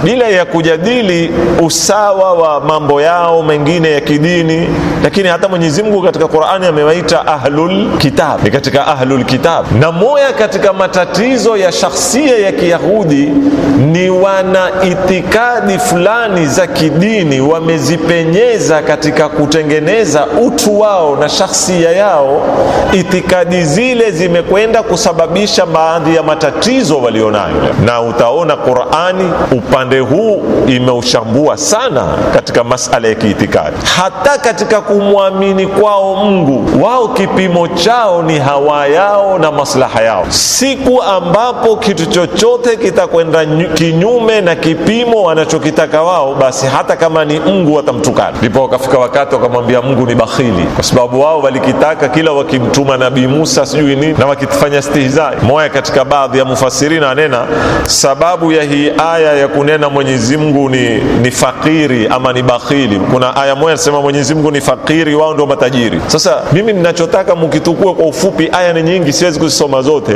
bila ya kujadili usawa wa mambo yao mengine ya kidini, lakini hata Mwenyezi Mungu katika Qur'ani amewaita ahlul kitab, ni katika ahlul kitab. Na moya katika matatizo ya shakhsia ya Kiyahudi ni wana itikadi fulani za kidini wamezipenyeza katika kutengeneza utu wao na shakhsia yao, itikadi zile zimekwenda kusababisha baadhi ya matatizo walionayo, na utaona Qurani upande huu imeushambua sana katika masala ya kiitikadi, hata katika kumwamini kwao Mungu. Wao kipimo chao ni hawa yao na maslaha yao. Siku ambapo kitu chochote kitakwenda kinyume na kipimo wanachokitaka wao, basi hata kama ni Mungu watamtukana. Ndipo wakafika wakati wakamwambia Mungu ni bakhili, kwa sababu wao walikitaka kila wakimtuma Nabii Musa sijui nini na wakifanya stihizai. Moya katika baadhi ya mufasirina anena sababu ya hii aya ya kunena Mwenyezi Mungu ni, ni fakiri ama ni bakhili. Kuna aya moja anasema Mwenyezi Mungu ni fakiri, wao ndio matajiri. Sasa mimi ninachotaka mukitukue kwa ufupi, aya ni nyingi, siwezi kuzisoma zote.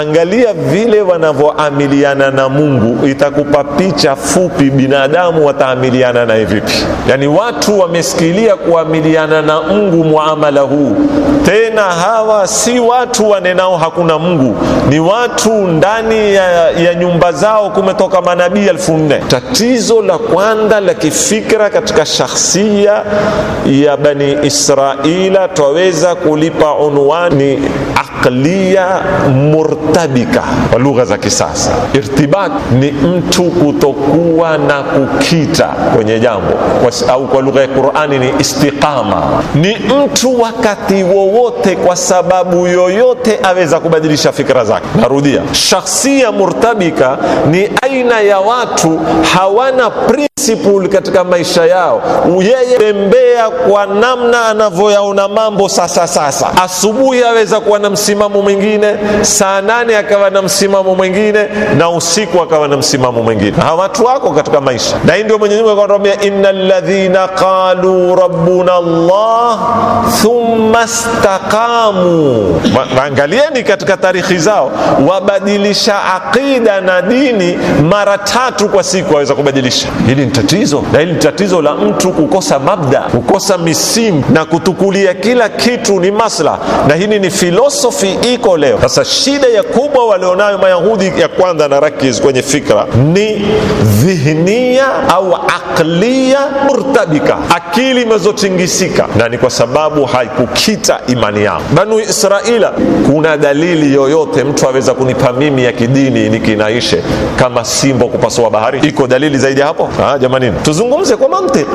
Angalia vile wanavyoamiliana na Mungu, itakupa picha fupi binadamu wataamiliana naye vipi. Yani watu wamesikilia kuamiliana na Mungu Mungu muamala huu. Tena hawa si watu wanenao hakuna Mungu, ni watu ndani ya, ya nyumba zao kumetoka manabii elfu nne. Tatizo la kwanza la kifikra katika shakhsia ya Bani Israila twaweza kulipa unwani aqlia murtabika kwa lugha za kisasa. Irtibat ni mtu kutokuwa na kukita kwenye jambo kwa, au kwa lugha ya Qur'ani ni istiqama. Ni mtu wakati wowote kwa sababu yoyote aweza kubadilisha fikra zake. Narudia, shakhsia murtabika ni aina ya watu hawana principle katika maisha yao. Yeye tembea kwa namna anavyoyaona mambo sasa sasa. Asubuhi aweza kuwa na msi msimamo mwingine, saa nane akawa na msimamo mwingine, na usiku akawa na msimamo mwingine. Hawa watu wako katika maisha, na hii ndio Mwenyezi Mungu akawaambia, innal ladhina qalu rabbuna Allah thumma istaqamu. Angalieni katika tarikhi zao, wabadilisha aqida na dini mara tatu kwa siku, waweza kubadilisha. Hili ni tatizo, na hili ni tatizo la mtu kukosa mabda, kukosa misimu na kutukulia kila kitu ni masla, na hili ni filosofi safi iko leo. Sasa shida ya kubwa walionayo Mayahudi ya kwanza na rakiz kwenye fikra ni dhihnia au aklia murtabika, akili imezotingisika, na ni kwa sababu haikukita imani yao. Banu Israila, kuna dalili yoyote mtu aweza kunipa mimi ya kidini nikinaishe kama simbo kupasua bahari? Iko dalili zaidi ya hapo? Ah, jamanini, tuzungumze kwa mantiki.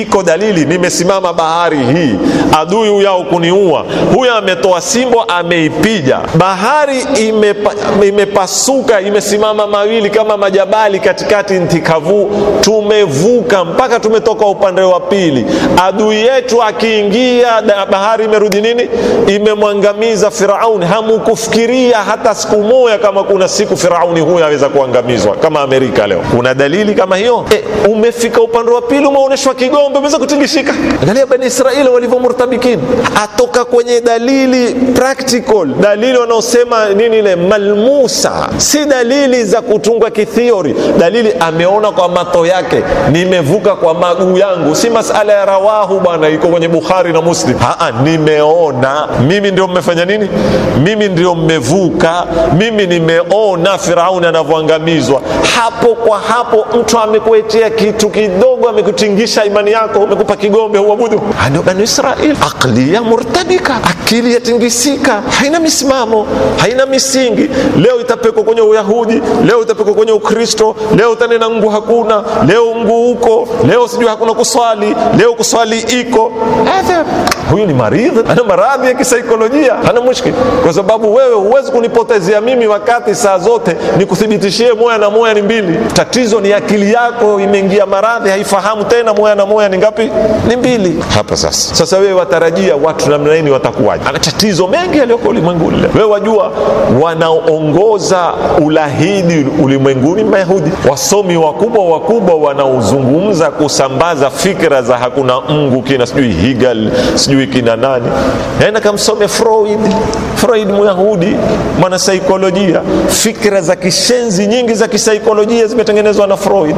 Iko dalili, nimesimama bahari hii, adui huyao kuniua, huyo ametoa simbo ameipija bahari, imepasuka imepasuka imesimama mawili kama majabali katikati ntikavu. Tumevuka mpaka tumetoka upande wa pili. Adui yetu akiingia, bahari imerudi nini, imemwangamiza Firauni. Hamukufikiria hata siku moja kama kuna siku Firauni huyo aweza kuangamizwa kama Amerika leo. Kuna dalili kama hiyo? E, umefika upande wa pili, umeonyeshwa kigombe, umeweza kutingishika. Angalia Bani Israeli walivyomurtabikin, atoka kwenye dalili practice physical dalili wanaosema nini ile malmusa, si dalili za kutungwa kithiori. Dalili ameona kwa mato yake, nimevuka kwa maguu yangu, si masala ya rawahu bwana, iko kwenye Bukhari na Muslim. Aa, nimeona mimi, ndio mmefanya nini? Mimi ndio mmevuka, mimi nimeona Firauni anavyoangamizwa. Hapo kwa hapo, mtu amekuetea kitu kidogo, amekutingisha imani yako, umekupa kigombe huabudu. Ndio Bani akli ya murtabika, akili yatingisika, haina misimamo haina misingi leo itapekwa kwenye uyahudi leo itapekwa kwenye ukristo leo utanena ngu hakuna leo ngu uko leo sijui hakuna kuswali leo kuswali iko huyu ni maridhi ana maradhi ya kisaikolojia ana mushkil kwa sababu wewe huwezi kunipotezea mimi wakati saa zote nikuthibitishie moya na moya ni mbili tatizo ni akili yako imeingia maradhi haifahamu tena moya na moya ni ngapi ni mbili hapa sasa sasa wewe watarajia watu namna nini watakuwaje ana tatizo mengi yaliyoko ulimwenguni leo. Wewe wajua, wanaongoza ulahidi ulimwenguni Mayahudi, wasomi wakubwa wakubwa wanaozungumza kusambaza fikra za hakuna Mungu, kina sijui Hegel sijui kina nani, nenda kamsome Freud Freud Myahudi, mwanasaikolojia. Fikra za kishenzi nyingi za kisaikolojia zimetengenezwa na Freud.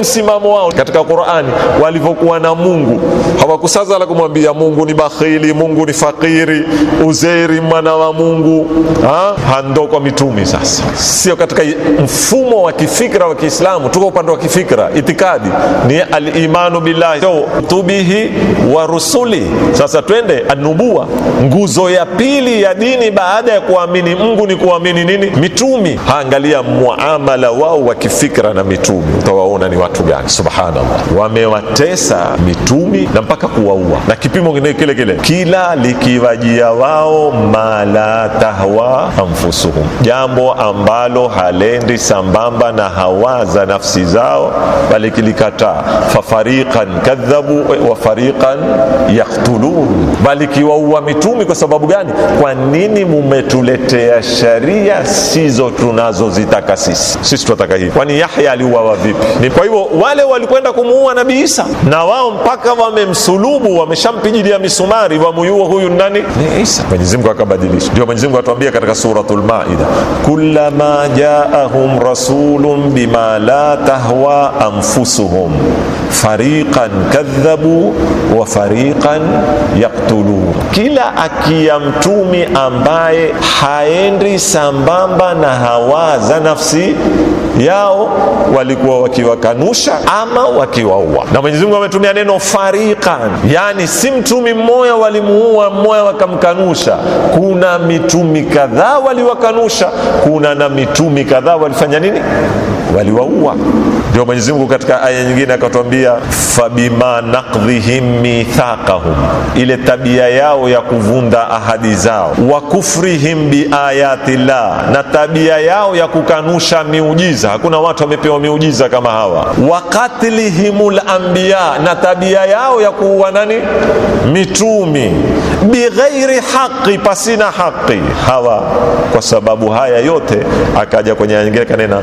Msimamo wao katika Qurani walivyokuwa na Mungu, hawakusaza la kumwambia Mungu ni bakhili, Mungu ni fakiri, Uzeri mwana wa Mungu ha? hando kwa mitumi. Sasa sio katika mfumo wa kifikra wa Kiislamu, tuko upande wa kifikra. Itikadi ni alimanu billahi kutubihi wa rusuli. Sasa twende anubua, nguzo ya pili ya dini lakini baada ya kuamini Mungu ni kuamini nini? Mitumi. Haangalia muamala wao wa kifikra na mitumi, utawaona ni watu gani. Subhanallah, wamewatesa mitumi na mpaka kuwaua, na kipimo kile kile kila likiwajia wao, mala tahwa anfusuhum, jambo ambalo halendi sambamba na hawa za nafsi zao, bali kilikataa. Fafariqan kadhabu wa fariqan yaktulun, bali kiwaua mitumi. Kwa sababu gani? kwa nini nini mumetuletea sharia sizo tunazozitaka sisi? Sisi tunataka hivi. Kwani Yahya aliuawa vipi? Ni kwa hivyo wale walikwenda kumuua Nabii Isa na wao mpaka wamemsulubu, wameshampigilia misumari, wamuyua huyu nani? Ni Isa. Mwenyezi Mungu akabadilisha. Ndio Mwenyezi Mungu atuambia katika suratul Maida, kullama jaahum rasulun bima la tahwa anfusuhum fariqan kadhabu wa fariqan yaktulun, kila akiya mtumi am ambaye haendi sambamba na hawa za nafsi yao walikuwa wakiwakanusha ama wakiwaua. Na Mwenyezi Mungu ametumia neno fariqan, yani si mtumi mmoja walimuua mmoja wakamkanusha. Kuna mitumi kadhaa waliwakanusha, kuna na mitumi kadhaa walifanya nini? Waliwaua. Ndio Mwenyezi Mungu katika aya nyingine akatwambia, fabima nakdhihim mithaqahum, ile tabia yao ya kuvunda ahadi zao, wa kufrihim biayati llah, na tabia yao ya kukanusha miujiza. Hakuna watu wamepewa miujiza kama hawa. Wa katlihimul anbiya, na tabia yao ya kuua nani mitumi bighairi haqi, pasina haqi. Hawa kwa sababu haya yote akaja kwenye nyingine kanena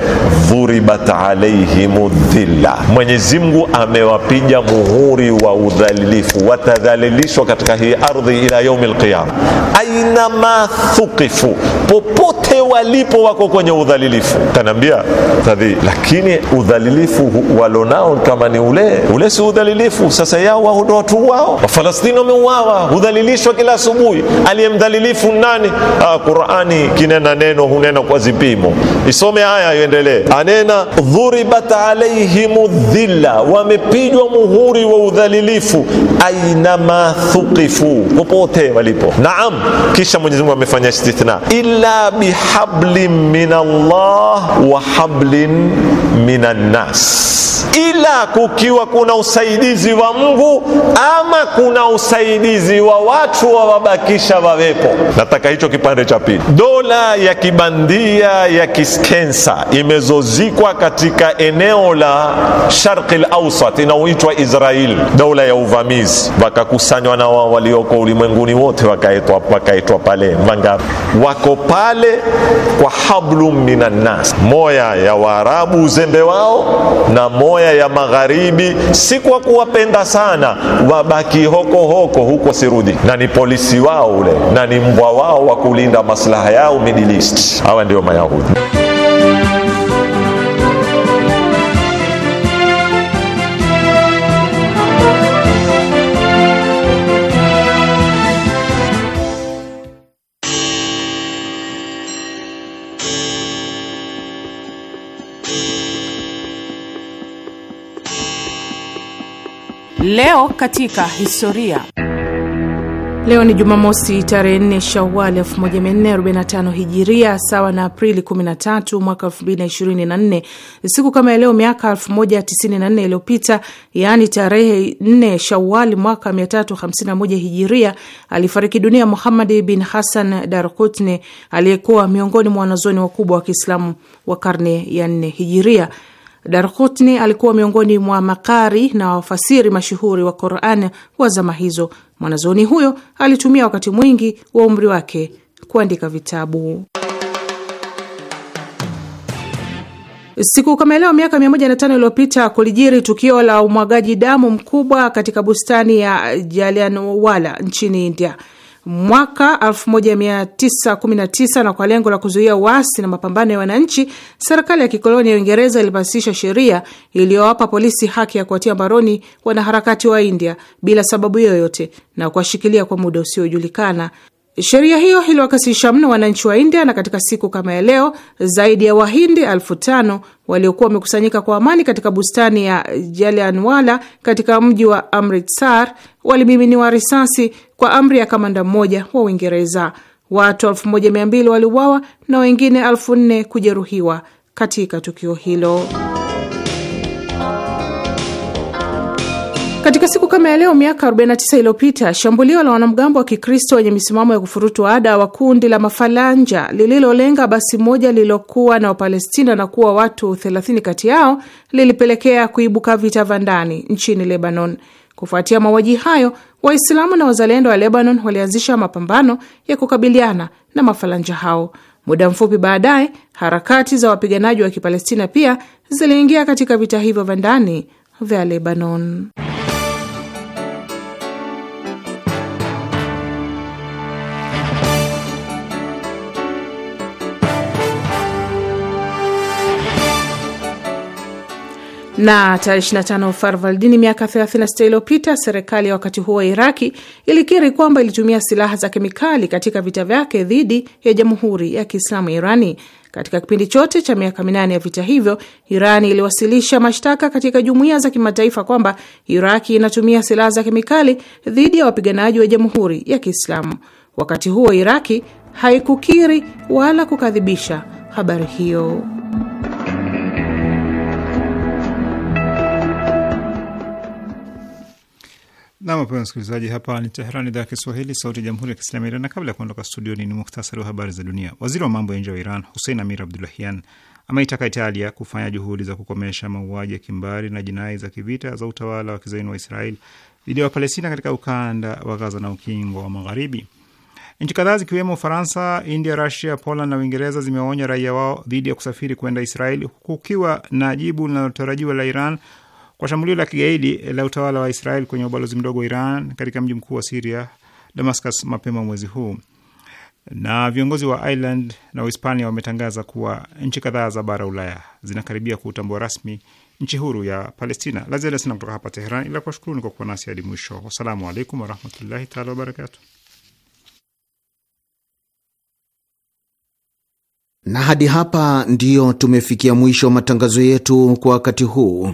dhuribat alaihimu dhilla, Mwenyezi Mungu amewapiga muhuri wa udhalilifu, watadhalilishwa katika hii ardhi ila yaumil qiyama, aina ma thuqifu, popote walipo wako kwenye udhalilifu. kanaambia tadhi, lakini udhalilifu walonao kama ni ule ule, si udhalilifu. Sasa yao wao watu wao, Wafalastini wameuawa, udhalilifu anafundishwa kila asubuhi, aliyemdhalilifu nani? Ah, Qurani kinena neno hunena kwa zipimo. Isome haya iendelee, anena dhuribat alaihim dhilla, wamepijwa muhuri wa udhalilifu, ainama thuqifu, popote walipo. Naam, kisha Mwenyezi Mungu amefanya istithna, illa bihablin min Allah wa hablin min nas, ila kukiwa kuna usaidizi wa Mungu ama kuna usaidizi wa watu wawabakisha wawepo. Nataka hicho kipande cha pili. Dola ya kibandia ya kiskensa imezozikwa katika eneo la Sharqi al-Awsat inaoitwa Israel, dola ya uvamizi. Wakakusanywa na wao walioko ulimwenguni wote, wakaitwa wakaitwa pale mangapi, wako pale kwa hablum minan nas, moya ya Waarabu uzembe wao na moya ya magharibi, si kwa kuwapenda sana, wabaki hoko hoko huko sirudi na ni polisi wao ule na ni mbwa wao wa kulinda maslaha yao Middle East. Hawa ndio Mayahudi. Leo katika historia. Leo ni Jumamosi tarehe 4 Shawali 1445 Hijiria, sawa na Aprili 13 mwaka 2024. Siku kama ya leo miaka 1094 iliyopita, yaani tarehe 4 Shawali mwaka 351 Hijiria, alifariki dunia Muhammad bin Hassan Darkutne, aliyekuwa miongoni mwa wanazoni wakubwa wa Kiislamu wa karne ya 4 Hijiria. Darkutni alikuwa miongoni mwa makari na wafasiri mashuhuri wa Quran wa zama hizo Mwanazuoni huyo alitumia wakati mwingi wa umri wake kuandika vitabu. Siku kama leo miaka 105 iliyopita kulijiri tukio la umwagaji damu mkubwa katika bustani ya Jalianwala nchini India mwaka 1919 na kwa lengo la kuzuia uasi na mapambano ya wananchi, serikali ya kikoloni ya Uingereza ilipasisha sheria iliyowapa polisi haki ya kuwatia mbaroni wanaharakati wa India bila sababu yoyote na kuwashikilia kwa muda usiojulikana Sheria hiyo iliwakasirisha mno wananchi wa India, na katika siku kama ya leo zaidi ya Wahindi elfu tano waliokuwa wamekusanyika kwa amani katika bustani ya Jalianwala katika mji wa Amritsar walimiminiwa risasi kwa amri ya kamanda mmoja wa Uingereza. Watu 1200 waliuawa na wengine nne kujeruhiwa katika tukio hilo. Katika siku kama ya leo miaka 49 iliyopita shambulio la wanamgambo wa Kikristo wenye misimamo ya kufurutu ada wa kundi la Mafalanja lililolenga basi moja lililokuwa na Wapalestina na kuwa watu 30 kati yao lilipelekea kuibuka vita vya ndani nchini Lebanon. Kufuatia mauaji hayo, Waislamu na wazalendo wa Lebanon walianzisha mapambano ya kukabiliana na Mafalanja hao. Muda mfupi baadaye, harakati za wapiganaji wa Kipalestina pia ziliingia katika vita hivyo vya ndani vya Lebanon. na tarehe 25 Farvaldini, miaka 36 iliyopita, serikali ya wakati huo Iraki ilikiri kwamba ilitumia silaha za kemikali katika vita vyake dhidi ya Jamhuri ya Kiislamu Irani. Katika kipindi chote cha miaka minane ya vita hivyo, Irani iliwasilisha mashtaka katika jumuiya za kimataifa kwamba Iraki inatumia silaha za kemikali dhidi ya wapiganaji wa Jamhuri ya Kiislamu. Wakati huo Iraki haikukiri wala kukadhibisha habari hiyo. Nam, msikilizaji, hapa ni Teherani, idhaa ya Kiswahili, sauti ya jamhuri ya kiislamu ya Iran. Na kabla ya kuondoka studioni, ni muhtasari wa habari za dunia. Waziri wa mambo ya nje wa Iran Hussein Amir Abdulahian ameitaka Italia kufanya juhudi za kukomesha mauaji ya kimbari na jinai za kivita za utawala wa kizaini wa Israel dhidi ya Wapalestina katika ukanda wa Gaza na ukingo wa Magharibi. Nchi kadhaa zikiwemo Ufaransa, India, Rusia, Poland na Uingereza zimewaonya raia wao dhidi ya kusafiri kwenda Israel, kukiwa na jibu linalotarajiwa la Iran kwa shambulio la kigaidi la utawala wa Israel kwenye ubalozi mdogo wa Iran katika mji mkuu wa Siria, Damascus, mapema mwezi huu. Na viongozi wa Ireland na Uhispania wametangaza kuwa nchi kadhaa za bara Ulaya zinakaribia kuutambua rasmi nchi huru ya Palestina. La ziada sina kutoka hapa Teheran, ila kuwashukuruni kwa kuwa nasi hadi mwisho. Wassalamu alaikum warahmatullahi taala wabarakatu. Na hadi hapa ndiyo tumefikia mwisho wa matangazo yetu kwa wakati huu.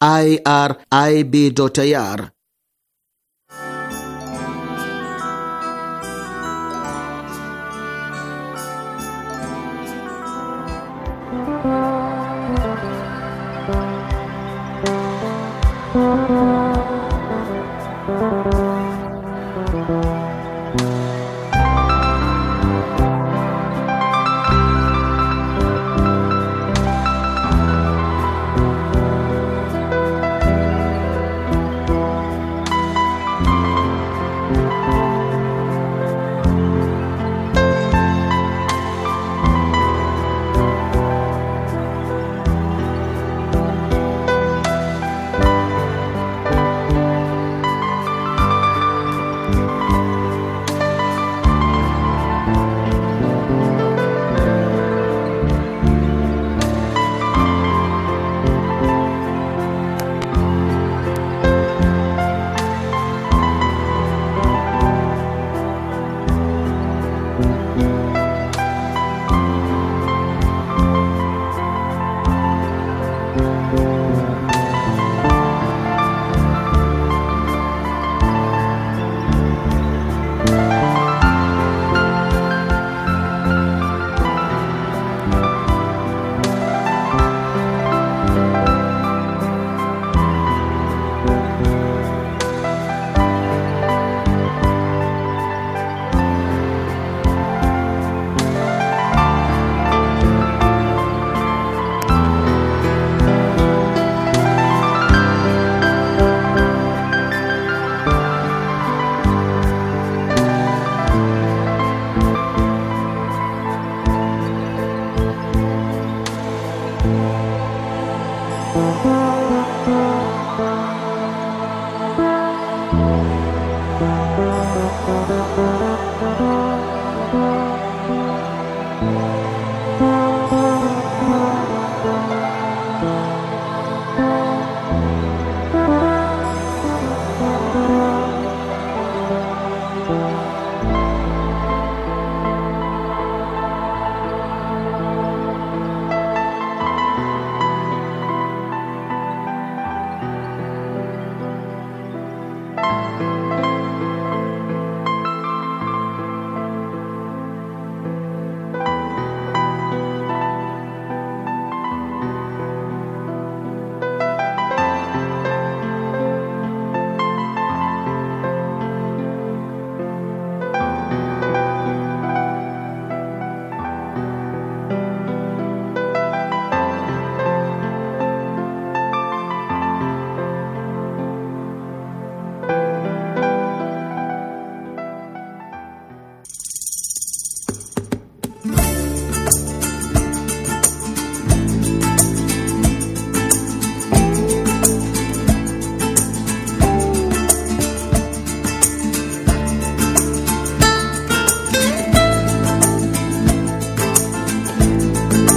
irib.ir